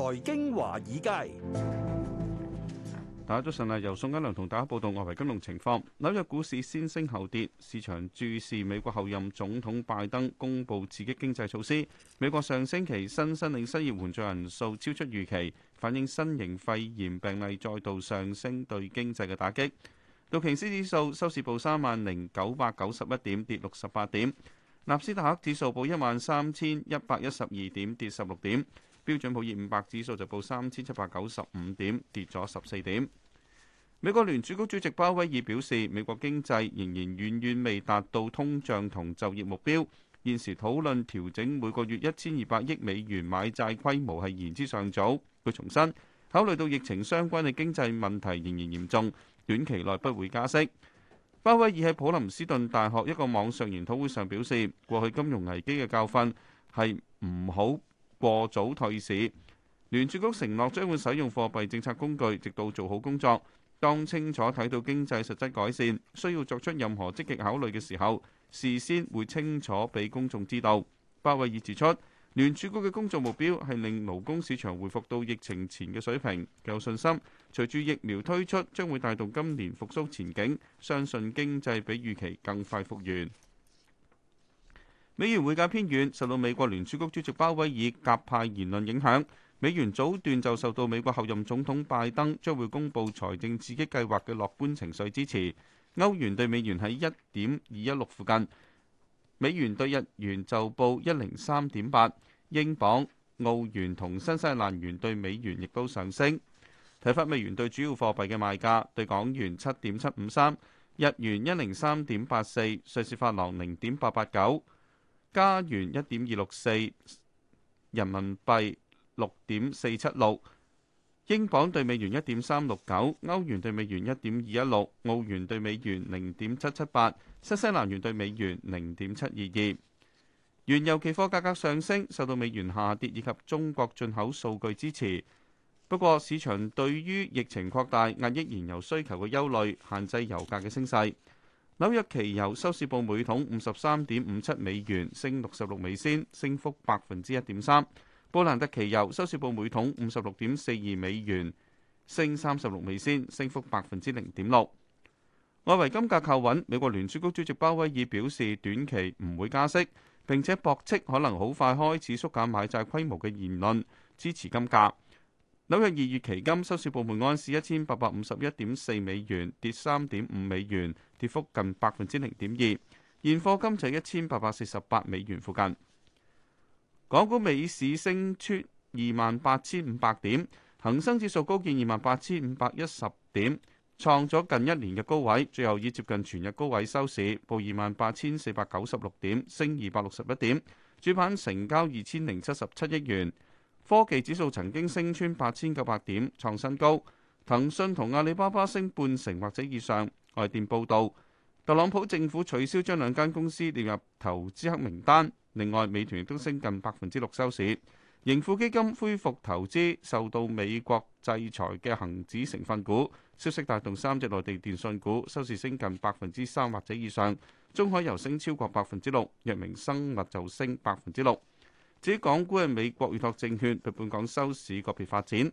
財經華爾街大家早晨啊，由宋嘉良同大家報道外圍金融情況。紐約股市先升後跌，市場注視美國候任總統拜登公佈刺激經濟措施。美國上星期新申領失業援助人數超出預期，反映新型肺炎病例再度上升對經濟嘅打擊。道瓊斯指數收市報三萬零九百九十一點，跌六十八點；納斯達克指數報一萬三千一百一十二點，跌十六點。標準普爾五百指數就報三千七百九十五點，跌咗十四點。美國聯儲局主席鮑威爾表示，美國經濟仍然遠遠未達到通脹同就業目標，現時討論調整每個月一千二百億美元買債規模係言之尚早。佢重申，考慮到疫情相關嘅經濟問題仍然嚴重，短期內不會加息。鮑威爾喺普林斯頓大學一個網上研討會上表示，過去金融危機嘅教訓係唔好過早退市，聯儲局承諾將會使用貨幣政策工具，直到做好工作。當清楚睇到經濟實質改善，需要作出任何積極考慮嘅時候，事先會清楚俾公眾知道。鮑威爾指出，聯儲局嘅工作目標係令勞工市場回復到疫情前嘅水平，有信心。隨住疫苗推出，將會帶動今年復蘇前景，相信經濟比預期更快復原。美元匯價偏軟，受到美國聯儲局主席鮑威爾鴿派言論影響。美元早段就受到美國候任總統拜登將會公布財政刺激計劃嘅樂觀情緒支持。歐元對美元喺一點二一六附近，美元對日元就報一零三點八，英鎊、澳元同新西蘭元對美元亦都上升。睇返美元對主要貨幣嘅賣價，對港元七點七五三，日元一零三點八四，瑞士法郎零點八八九。加元1.264，人民幣6.476，英鎊對美元1.369，歐元對美元1.216，澳元對美元0.778，新西蘭元對美元0.722。原油期貨價格上升，受到美元下跌以及中國進口數據支持，不過市場對於疫情擴大壓抑燃油需求嘅憂慮，限制油價嘅升勢。紐約期油收市報每桶五十三點五七美元，升六十六美仙，升幅百分之一點三。布蘭特期油收市報每桶五十六點四二美元，升三十六美仙，升幅百分之零點六。外圍金價靠穩，美國聯儲局主席鮑威爾表示，短期唔會加息，並且駁斥可能好快開始縮減買債規模嘅言論，支持金價。紐約二月期金收市報每盎司一千八百五十一點四美元，跌三點五美元。跌幅近百分之零點二，現貨金就一千八百四十八美元附近。港股美市升穿二萬八千五百點，恒生指數高見二萬八千五百一十點，創咗近一年嘅高位。最後以接近全日高位收市，報二萬八千四百九十六點，升二百六十一點。主板成交二千零七十七億元。科技指數曾經升穿八千九百點，創新高。騰訊同阿里巴巴升半成或者以上。外電報道，特朗普政府取消將兩間公司列入投資黑名單，另外，美團亦都升近百分之六收市。盈富基金恢復投資受到美國制裁嘅恒指成分股消息，帶動三隻內地電信股收市升近百分之三或者以上。中海油升超過百分之六，藥明生物就升百分之六。至於港股嘅美國預託證券，對本港收市個別發展。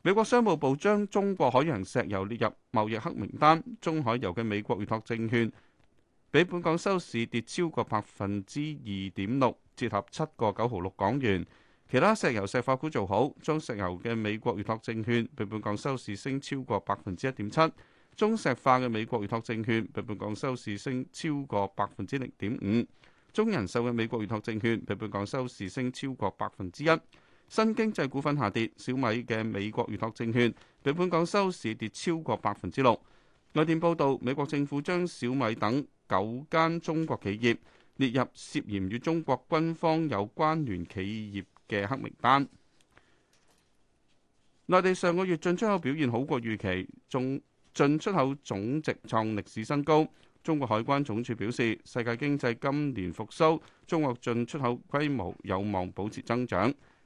美國商務部將中國海洋石油列入貿易黑名單，中海油嘅美國預託證券比本港收市跌超過百分之二點六，折合七個九毫六港元。其他石油石化股做好，中石油嘅美國預託證券比本港收市升超過百分之一點七，中石化嘅美國預託證券比本港收市升超過百分之零點五，中人壽嘅美國預託證券比本港收市升超過百分之一。新經濟股份下跌，小米嘅美國預託證券比本港收市跌超過百分之六。外電報道，美國政府將小米等九間中國企業列入涉嫌與中國軍方有關聯企業嘅黑名單。內地上個月進出口表現好過預期，總進出口總值創歷史新高。中國海關總署表示，世界經濟今年復甦，中國進出口規模有望保持增長。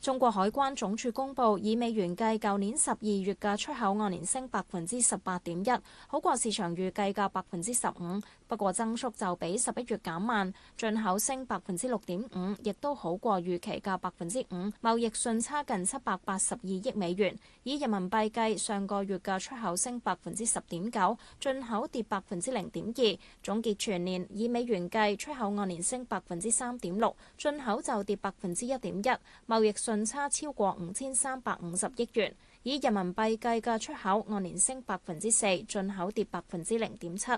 中國海關總署公布，以美元計，舊年十二月嘅出口按年升百分之十八點一，好過市場預計嘅百分之十五。不過增速就比十一月減慢，進口升百分之六點五，亦都好過預期嘅百分之五。貿易順差近七百八十二億美元。以人民幣計，上個月嘅出口升百分之十點九，進口跌百分之零點二。總結全年，以美元計，出口按年升百分之三點六，進口就跌百分之一點一。貿易順順差超過五千三百五十億元，以人民幣計價出口按年升百分之四，進口跌百分之零點七。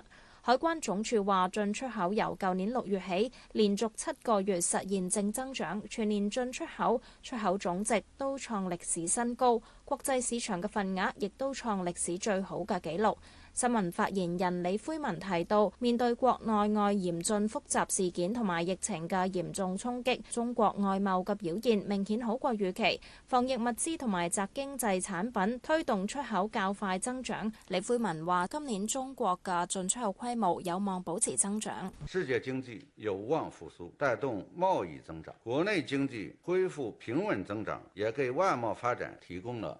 海關總署話，進出口由舊年六月起連續七個月實現正增長，全年進出口出口總值都創歷史新高，國際市場嘅份額亦都創歷史最好嘅紀錄。新聞發言人李輝文提到，面對國內外嚴峻複雜事件同埋疫情嘅嚴重衝擊，中國外貿嘅表現明顯好過預期，防疫物資同埋宅經濟產品推動出口較快增長。李輝文話：今年中國嘅進出口規模有望保持增長。世界經濟有望復甦，帶動貿易增長；國內經濟恢復平穩增長，也給外貿發展提供了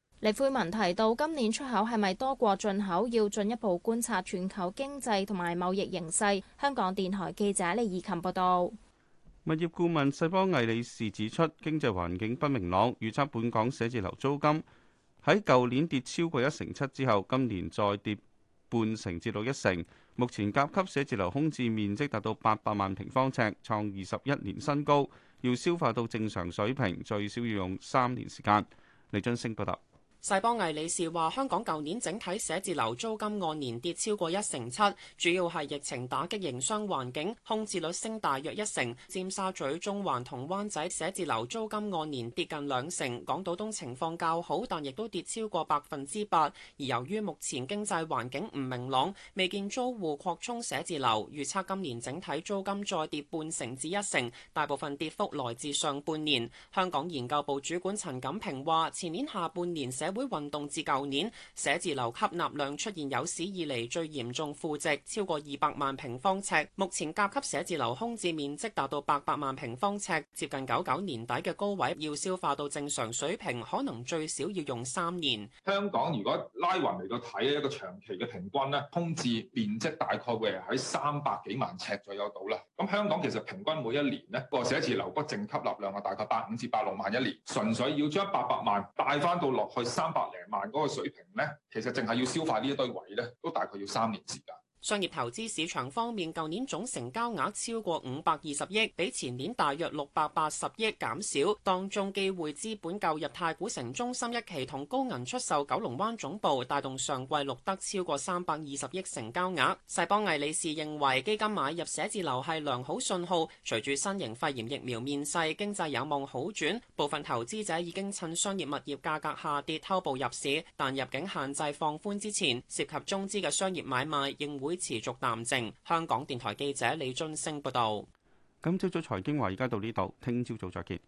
李慧文提到，今年出口係咪多過進口，要進一步觀察全球經濟同埋貿易形勢。香港電台記者李以琴報道。物業顧問世邦魏理仕指出，經濟環境不明朗，預測本港寫字樓租金喺舊年跌超過一成七之後，今年再跌半成至到一成。目前甲級寫字樓空置面積達到八百萬平方尺，創二十一年新高，要消化到正常水平，最少要用三年時間。李俊升報道。世邦魏理仕話，香港舊年整體寫字樓租金按年跌超過一成七，主要係疫情打擊營商環境，空置率升大約一成。尖沙咀、中環、同灣仔寫字樓租金按年跌近兩成，港島東情況較好，但亦都跌超過百分之八。而由於目前經濟環境唔明朗，未見租戶擴充寫字樓，預測今年整體租金再跌半成至一成，大部分跌幅來自上半年。香港研究部主管陳錦平話：前年下半年寫。社會運動至舊年寫字樓吸納量出現有史以嚟最嚴重負值，超過二百萬平方尺。目前甲級寫字樓空置面積達到八百萬平方尺，接近九九年底嘅高位，要消化到正常水平，可能最少要用三年。香港如果拉勻嚟到睇一個長期嘅平均咧，空置面積大概會喺三百幾萬尺左右到啦。咁香港其實平均每一年呢個寫字樓不淨吸納量啊，大概八五至八六萬一年，純粹要將八百萬帶翻到落去。三百零萬嗰個水平咧，其實淨係要消化呢一堆位咧，都大概要三年時間。商業投資市場方面，舊年總成交額超過五百二十億，比前年大約六百八十億減少。當中機會資本購入太古城中心一期同高銀出售九龍灣總部，帶動上季錄得超過三百二十億成交額。世邦魏理仕認為，基金買入寫字樓係良好信號。隨住新型肺炎疫苗面世，經濟有望好轉，部分投資者已經趁商業物業價格下跌偷步入市。但入境限制放寬之前，涉及中資嘅商業買賣仍會會持續淡靜。香港電台記者李俊升報道。今朝早財經話而家到呢度，聽朝早再見。